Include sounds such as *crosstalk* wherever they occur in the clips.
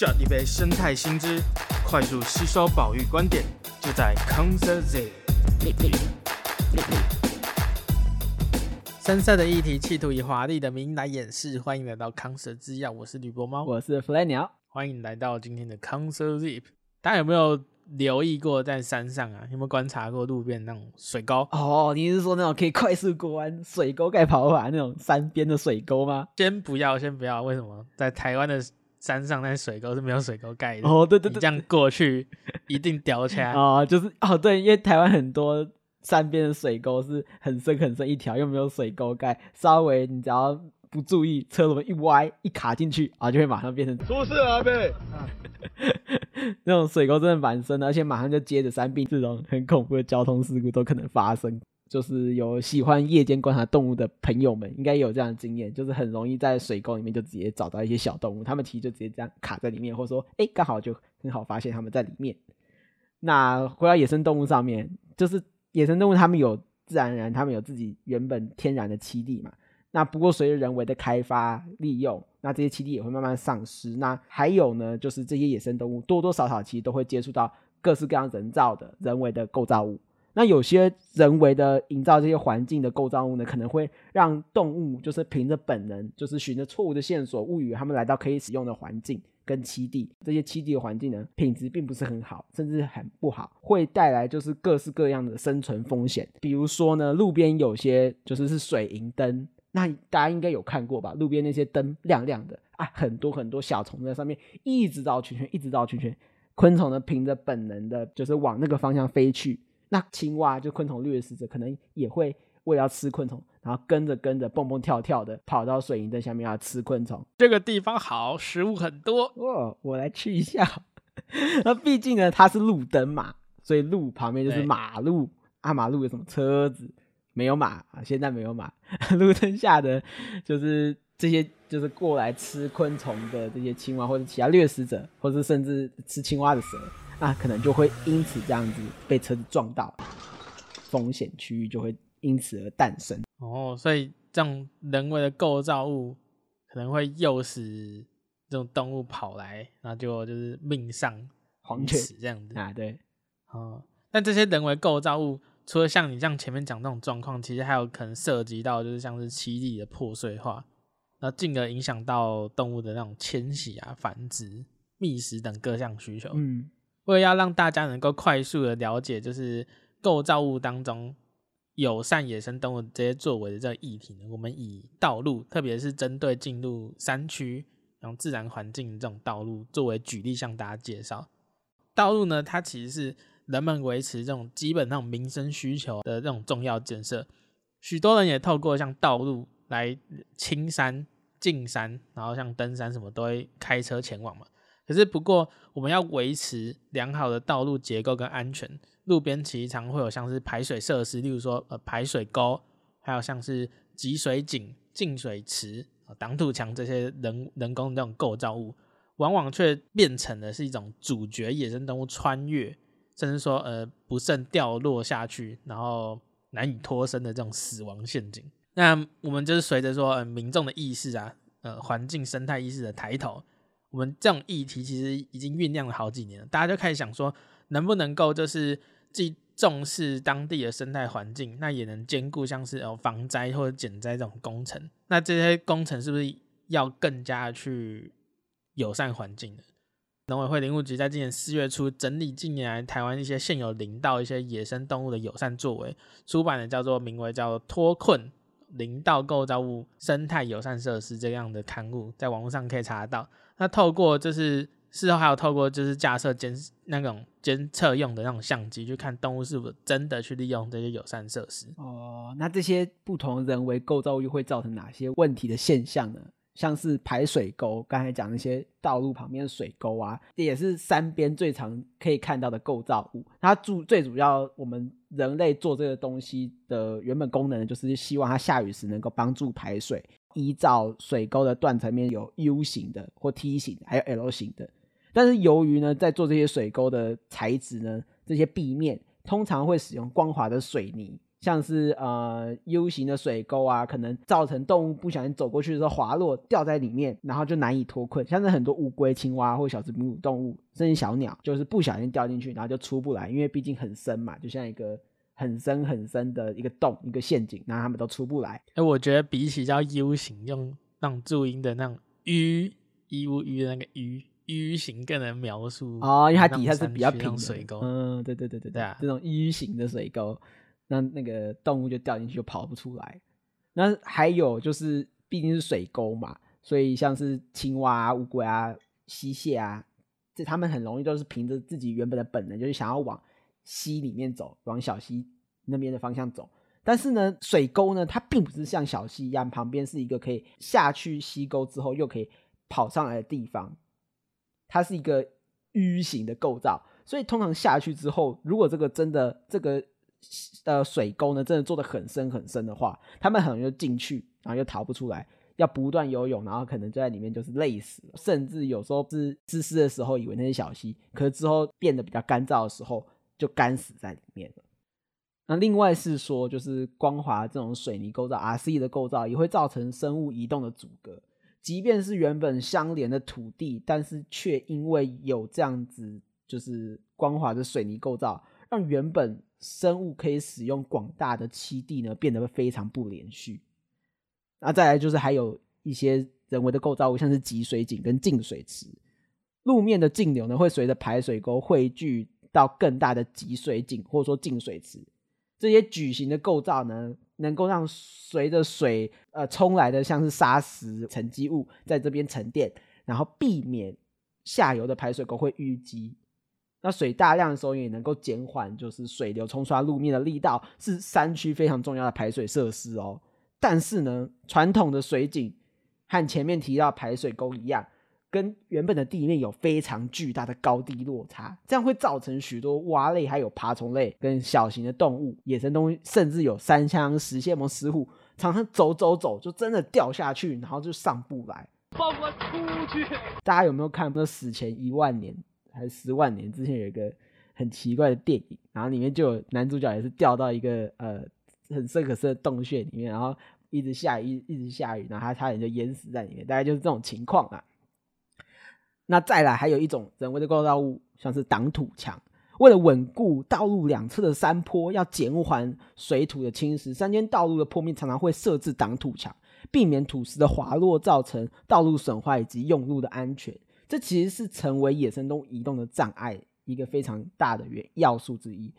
喝一杯生態新知，快速吸收保育觀點，就在康 Sir.zip。深色的議題，企圖以華麗的名義來掩飾。歡迎來到康 Sir 製藥，我是呂波貓，我是 Flan 萊鳥。歡迎來到今天的康 Sir.zip。大家有沒有留意過，在山上啊，有沒有觀察過路邊那種水溝？哦，你是說那種可以快速過彎水溝蓋跑法那種山邊的水溝嗎？先不要，先不要。為什麼？在台灣的？山上那些水溝是沒有水溝蓋的哦，oh, 對對對，這樣過去 *laughs* 一定掉下來啊、 *laughs* 呃！就是哦，對，因為台灣很多山邊的水溝是很深很深一條，又沒有水溝蓋，稍微你只要不注意，車輪一歪一卡進去啊，就會馬上變成出事了，唄 *laughs* 那種水溝真的蠻深的，而且馬上就接着山壁，這種很恐怖的交通事故都可能發生。就是有喜歡夜間觀察動物的朋友們，應該有這樣的經驗，就是很容易在水溝裡面就直接找到一些小動物，它們其實就直接這樣卡在裡面，或者說，哎，剛好就很好發現它們在裡面。那回到野生動物上面，就是野生動物它們有自然而然，它們有自己原本天然的棲地嘛。那不過隨着人為的開發利用，那這些棲地也會慢慢喪失。那還有呢，就是這些野生動物多多少少其實都會接觸到各式各樣人造的人為的構造物。那有些人為的營造這些環境的構造物呢，可能會讓動物就是憑着本能，就是循着錯誤的線索誤以為它們來到可以使用的環境跟棲地。這些棲地的環境呢，品質並不是很好，甚至很不好，會帶來就是各式各樣的生存風險。比如說呢，路邊有些就是是水銀燈，那大家應該有看過吧？路邊那些燈亮亮的啊，很多很多小蟲在上面一直繞圈圈，一直繞圈圈，昆蟲呢憑着本能的，就是往那個方向飛去。那青蛙就昆蟲掠食者，可能也會為了要吃昆蟲，然後跟着跟着蹦蹦跳跳的跑到水銀燈下面要吃昆蟲。這個地方好，食物很多哦，oh, 我來吃一下。 *laughs* 那畢竟呢，它是路燈嘛，所以路旁邊就是馬路對啊。馬路有什麼車子？沒有馬、啊、現在沒有馬。 *laughs* 路燈下的就是這些，就是過來吃昆蟲的這些青蛙，或者其他掠食者，或者是甚至吃青蛙的蛇。那、啊、可能就會因此這樣子被車子撞到，風險區域就會因此而誕生。哦，所以這種人為的構造物可能會誘使這種動物跑來，然後就就是命喪黃泉這樣子啊。對，好、哦。那這些人為構造物，除了像你這樣前面講這種狀況，其實還有可能涉及到就是像是棲地的破碎化，那進而影響到動物的那種遷徙啊、繁殖、覓食等各項需求。嗯。為了要讓大家能夠快速的了解，就是構造物當中友善野生動物這些作為的這個議題呢，我們以道路，特別是針對進入山區然後自然環境這種道路作為舉例向大家介紹。道路呢，它其實是人們維持這種基本上民生需求的這種重要建設。許多人也透過像道路來青山進山，然後像登山什麼都會開車前往嘛。可是，不過我們要維持良好的道路結構跟安全，路邊其實常常會有像是排水設施，例如說呃排水溝，還有像是集水井、淨水池、擋土牆這些人人工的那種構造物，往往卻變成了是一種主角野生動物穿越，甚至說呃不慎掉落下去，然後難以脫身的這種死亡陷阱。那我們就是隨着說，呃，民眾的意識啊，呃環境生態意識的抬頭。我們這種議題其實已經醞釀了好幾年了，大家就開始想說，能不能夠就是既重視當地的生態環境，那也能兼顧像是哦防災或者減災這種工程，那這些工程是不是要更加去友善環境呢？農委會林務局在今年四月初整理近年來台灣一些現有林道一些野生動物的友善作為，出版的叫做名為叫脫困。林道構造物、生態友善設施這樣的刊物，在網絡上可以查得到。那透過就是事後還有透過就是架設監那種監測用的那種相機，去看動物是否真的去利用這些友善設施。哦、呃，那這些不同人為構造物會造成哪些問題的現象呢？像是排水溝，剛才講那些道路旁邊的水溝啊，這也是山邊最常可以看到的構造物。它主最主要我們。人類做這個東西的原本功能，就是希望它下雨時能夠幫助排水。依照水溝的斷層面有 U 型的或梯形，還有 L 型的。但是由於呢，在做這些水溝的材質呢，這些壁面通常會使用光滑的水泥。像是呃 U 型的水溝啊，可能造成動物不小心走過去的時候滑落掉在裡面，然後就難以脫困。像是很多烏龜、青蛙或小哺乳動物，甚至小鳥，就是不小心掉進去，然後就出不來，因為畢竟很深嘛，就像一個很深很深的一個洞、一個陷阱，然後他們都出不來。哎、呃，我覺得比起叫 U 型，用那種注音的那種 “U”，U U 那個 “U”U 型更能描述哦，因為它底下是比較平的水溝。嗯，對對對對對、啊，這種 U 型的水溝。那那個動物就掉進去就跑不出來。那還有就是，畢竟是水溝嘛，所以像是青蛙、烏龜啊、溪蟹啊，這它們很容易都是憑着自己原本的本能，就是想要往溪裡面走，往小溪那邊的方向走。但是呢，水溝呢，它並不是像小溪一樣，旁邊是一個可以下去溪溝之後又可以跑上來的地方，它是一個 U 型的構造，所以通常下去之後，如果這個真的這個。水溝呢，真的做得很深很深的話，他們很容易就進去，然後又逃不出來，要不斷游泳，然後可能就在裡面就是累死了，甚至有時候是濕濕的時候，以為那些小溪，可是之後變得比較乾燥的時候，就乾死在裡面了。那另外是說，就是光滑這種水泥構造，RC 的構造也會造成生物移動的阻隔，即便是原本相連的土地，但是卻因為有這樣子就是光滑的水泥構造。讓原本生物可以使用廣大的棲地呢，變得非常不連續。那再來就是還有一些人為的構造物，像是集水井跟淨水池。路面的徑流呢，會隨着排水溝匯聚到更大的集水井，或者說淨水池。這些矩形的構造呢，能夠讓隨着水呃沖來的像是砂石沉積物在這邊沉澱，然後避免下游的排水溝會淤積。那水大量的時候也能夠減緩，就是水流沖刷路面的力道，是山區非常重要的排水設施哦。但是呢，傳統的水井和前面提到排水溝一樣，跟原本的地面有非常巨大的高低落差，這樣會造成許多蛙類、還有爬蟲類跟小型的動物、野生動物，甚至有山羌、食蟹、獴、石虎，常常走走走就真的掉下去，然後就上不來。放我出去、欸！大家有沒有看？不是死前一萬年。還是十萬年之前有一個很奇怪的電影，然後裡面就有男主角也是掉到一個呃很深可深的洞穴裡面，然後一直下雨一直，一直下雨，然後他差點就淹死在裡面，大概就是這種情況啊。那再來還有一種人為的構造物，像是擋土牆，為了穩固道路兩側的山坡，要減緩水土的侵蝕，山間道路的坡面常常會設置擋土牆，避免土石的滑落造成道路損壞以及用路的安全。這其實是成為野生動物移動的障礙一個非常大的元要素之一。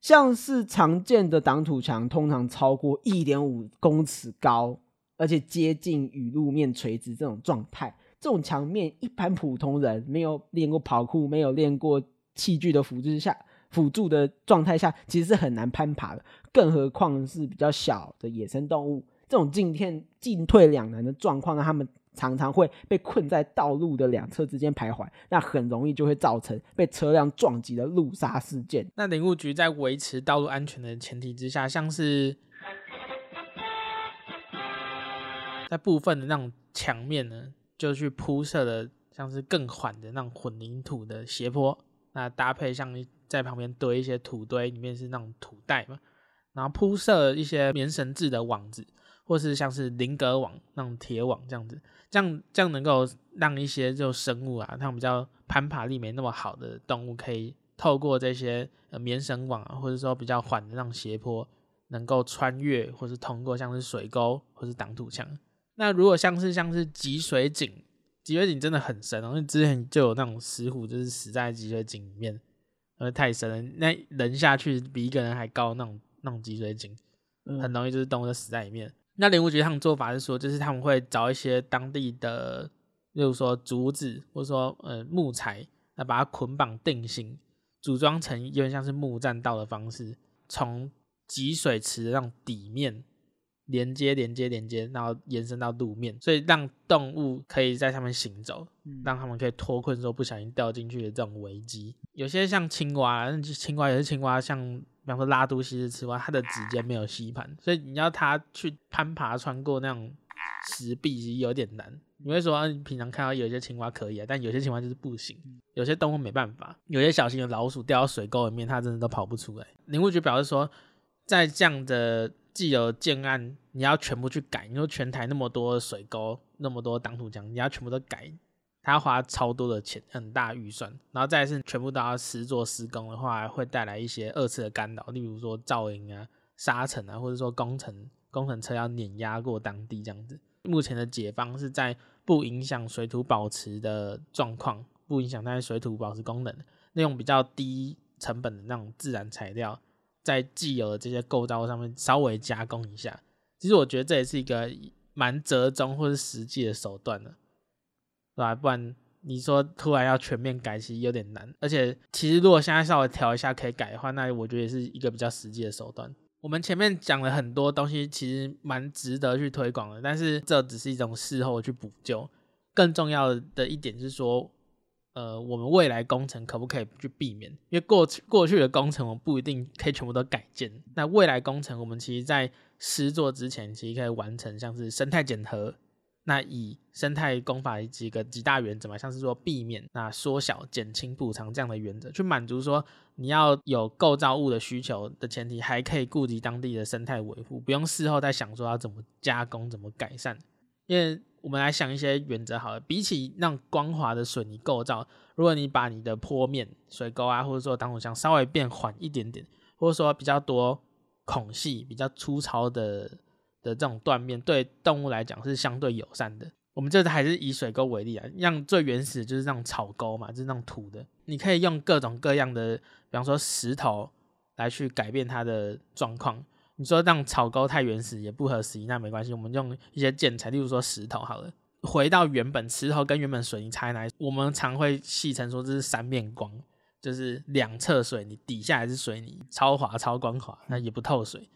像是常見的擋土牆，通常超過一點五公尺高，而且接近與路面垂直這種狀態，這種牆面一般普通人沒有練過跑酷，沒有練過器具的輔助下輔助的狀態下，其實是很難攀爬的。更何況是比較小的野生動物，這種進退進退兩難的狀況，讓他們，常常會被困在道路的兩側之間徘徊，那很容易就會造成被車輛撞擊的路殺事件。那林務局在維持道路安全的前提之下，像是在部分的那種牆面呢，就去鋪設了像是更緩的那種混凝土的斜坡，那搭配像在旁邊堆一些土堆，裡面是那種土袋嘛，然後鋪設一些棉繩制的網子，或是像是菱格網那種鐵網這樣子。這樣這樣能夠讓一些就生物啊，它比較攀爬力沒那麼好的動物，可以透過這些呃、棉繩網、啊，或者說比較緩的那種斜坡，能夠穿越或是通過，像是水溝或是擋土牆。那如果像是像是積水井，積水井真的很深、喔，因為之前就有那種石虎就是死在積水井裡面，因為太深了，那人下去比一個人還高那種那種積水井，嗯、很容易就是動物就死在裡面。那林務局他們做法是說，就是他們會找一些當地的，例如說竹子，或者說呃、嗯、木材，來把它捆綁定型，組裝成有點像是木棧道的方式，從集水池讓底面連接、連接、連接，然後延伸到路面，所以讓動物可以在上面行走，讓他們可以脫困之後，不小心掉進去的這種危機。有些像青蛙，青蛙也是青蛙，像。比方說拉都希氏赤蛙，它的指尖沒有吸盤，所以你要它去攀爬穿過那種石壁其實有點難。你會說，平常看到有些青蛙可以啊，但有些青蛙就是不行。有些動物沒辦法，有些小型的老鼠掉到水溝裡面，它真的都跑不出來。林務局表示說，在這樣的既有建案，你要全部去改，你說全台那麼多的水溝，那麼多擋土牆，你要全部都改。它花超多的錢，很大預算，然後再是全部都要實做施工的話，會帶來一些二次的干擾，例如說噪音啊、沙塵啊，或者說工程工程車要碾壓過當地這樣子。目前的解方是在不影響水土保持的狀況，不影響它的水土保持功能，利用比較低成本的那種自然材料，在既有的這些構造上面稍微加工一下。其實我覺得這也是一個蠻折中或者實際的手段的啊。來，不然你說突然要全面改，其實有點難。而且，其實如果現在稍微調一下可以改的話，那我覺得也是一個比較實際的手段。我們前面講了很多東西，其實蠻值得去推廣的。但是，這只是一種事後去補救。更重要的一點是說，呃，我們未來工程可不可以去避免？因為過去過去的工程，我們不一定可以全部都改建。那未來工程，我們其實，在施作之前，其實可以完成像是生態檢核。那以生態工法幾個幾大原則嘛，像是說避免、那縮小、減輕、補償這樣的原則，去滿足說你要有構造物的需求的前提，還可以顧及當地的生態維護，不用事後再想說要怎麼加工、怎麼改善。因為我們來想一些原則好了，比起讓光滑的水泥構造，如果你把你的坡面、水溝啊，或者說擋土牆稍微變緩一點點，或者說比較多孔隙、比較粗糙的，的這種斷面對動物來講是相對友善的。我們這還是以水溝為例啊，像最原始就是那種草溝嘛，就是那種土的。你可以用各種各樣的，比方說石頭來去改變它的狀況。你說讓草溝太原始也不合時宜，那沒關係，我們用一些建材，例如說石頭好了。回到原本，石頭跟原本水泥差在哪？我們常會戲稱說這是三面光，就是兩側水泥，底下還是水泥，超滑超光滑，那也不透水。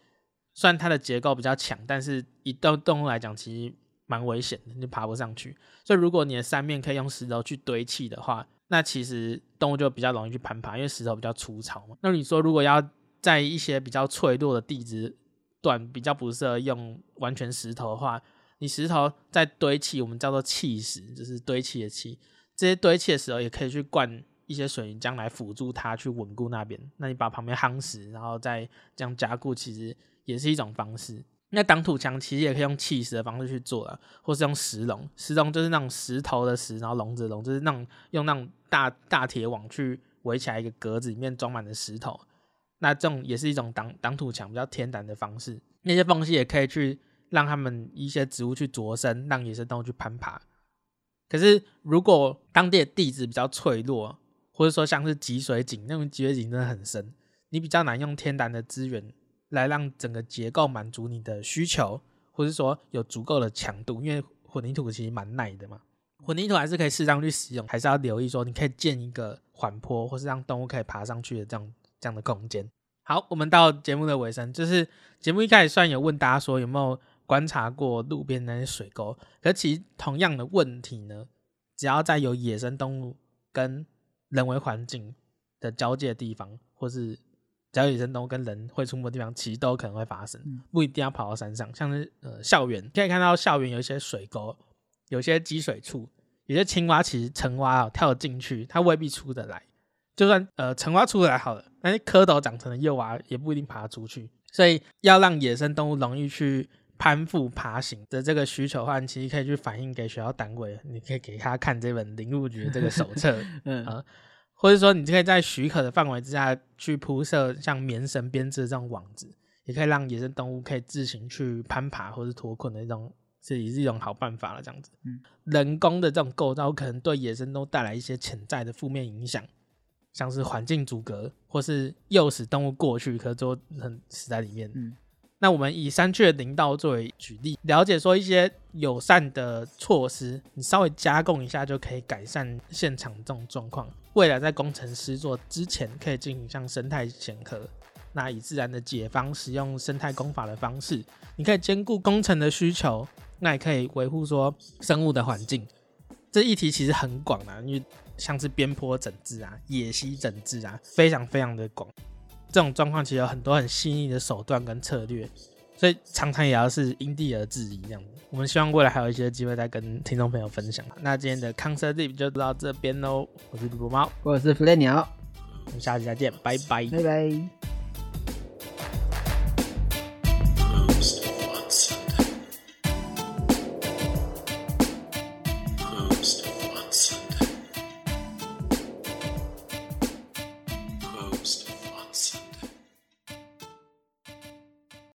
雖然它的結構比較強，但是以動，動物來講，其實蠻危險的，你爬不上去。所以如果你的三面可以用石頭去堆砌的話，那其實動物就比較容易去攀爬，因為石頭比較粗糙嘛。那你說如果要在一些比較脆弱的地質段比較不適合用完全石頭的話，你石頭在堆砌，我們叫做砌石，就是堆砌的砌。這些堆砌的時候也可以去灌一些水泥漿來輔助它去穩固那邊。那你把旁邊夯實，然後再這樣加固，其實。也是一種方式。那擋土牆其實也可以用砌石的方式去做的，或是用石籠。石籠就是那種石頭的石，然後籠子的籠，就是那種用那種大大鐵網去圍起來一個格子，裡面裝滿了石頭。那這種也是一種擋擋土牆比較天然的方式。那些縫隙也可以去讓他們一些植物去着生，讓野生動物去攀爬。可是如果當地的地質比較脆弱，或者說像是集水井，那種集水井真的很深，你比較難用天然的資源來讓整個結構滿足你的需求，或是說有足夠的強度，因為混凝土其實蠻耐的嘛。混凝土還是可以適當去使用，還是要留意說，你可以建一個緩坡，或是讓動物可以爬上去的這樣這樣的空間。好，我們到節目的尾聲，就是節目一開始雖然有問大家說有沒有觀察過路邊那些水溝，可是其實同樣的問題呢，只要在有野生動物跟人為環境的交界的地方，或是。只要野生動物跟人會出沒的地方，其實都可能會發生，不一定要跑到山上。像是呃校園，可以看到校園有一些水溝，有些積水處，有些青蛙其實成蛙，喔、跳進去，它未必出得來。就算呃成蛙出得來好了，但是蝌蚪長成的幼蛙也不一定爬得出去。所以要讓野生動物容易去攀附爬行的這個需求的話，你其實可以去反映給學校單位，你可以給他看這本林務局的這個手冊， *laughs* 嗯啊。或者說，你可以在許可的範圍之下去鋪設像棉繩編織的這種網子，也可以讓野生動物可以自行去攀爬或是脫困的一種，這也是一種好辦法了。這樣子，嗯、人工的這種構造可能對野生動物都帶來一些潛在的負面影響，像是環境阻隔，或是誘使動物過去，可是都很死在裡面。嗯那我們以山區的林道作為舉例，了解說一些友善的措施，你稍微加工一下就可以改善現場這種狀況。未來在工程師做之前，可以進行像生態檢核，那以自然的解方，使用生態工法的方式，你可以兼顧工程的需求，那也可以維護說生物的環境。這議題其實很廣啊，因為像是邊坡整治啊、野溪整治啊，非常非常的廣。這種狀況其實有很多很細膩的手段跟策略，所以常常也要是因地而制宜這樣。我們希望未來還有一些機會再跟聽眾朋友分享。那今天的康 Sir.zip 就到這邊嘍，我是綠波貓，我是飛鳥，我們下期再見，拜拜，拜拜。